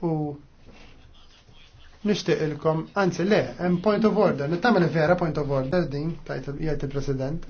u nishtiq ilkom, anzi le, point of order, nittamil vera point of order din, tajt il-president.